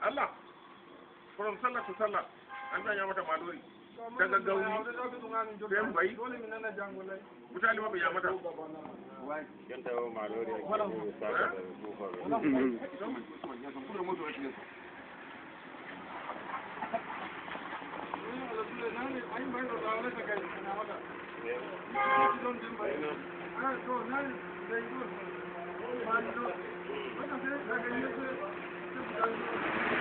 Allah from sallah to sallah an sanya mata malori daga gauri sai bai mutali ba bai mata yan tawo malori ake yi sa da kofar Thank you.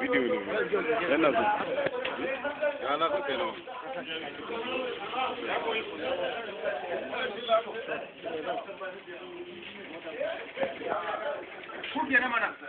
Video En azın. Ya nasıl telefon? Kurbiye'ne manastır.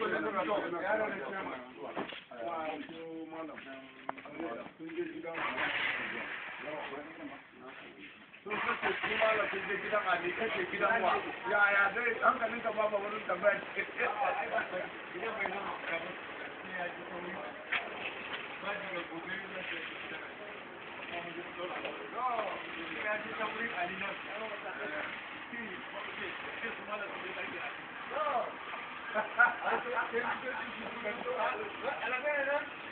sun kace su malam sun je gidan a ne kace gidan wa yaya zai hankalin ka babu wurin da bai ya ji ji ya ji أنا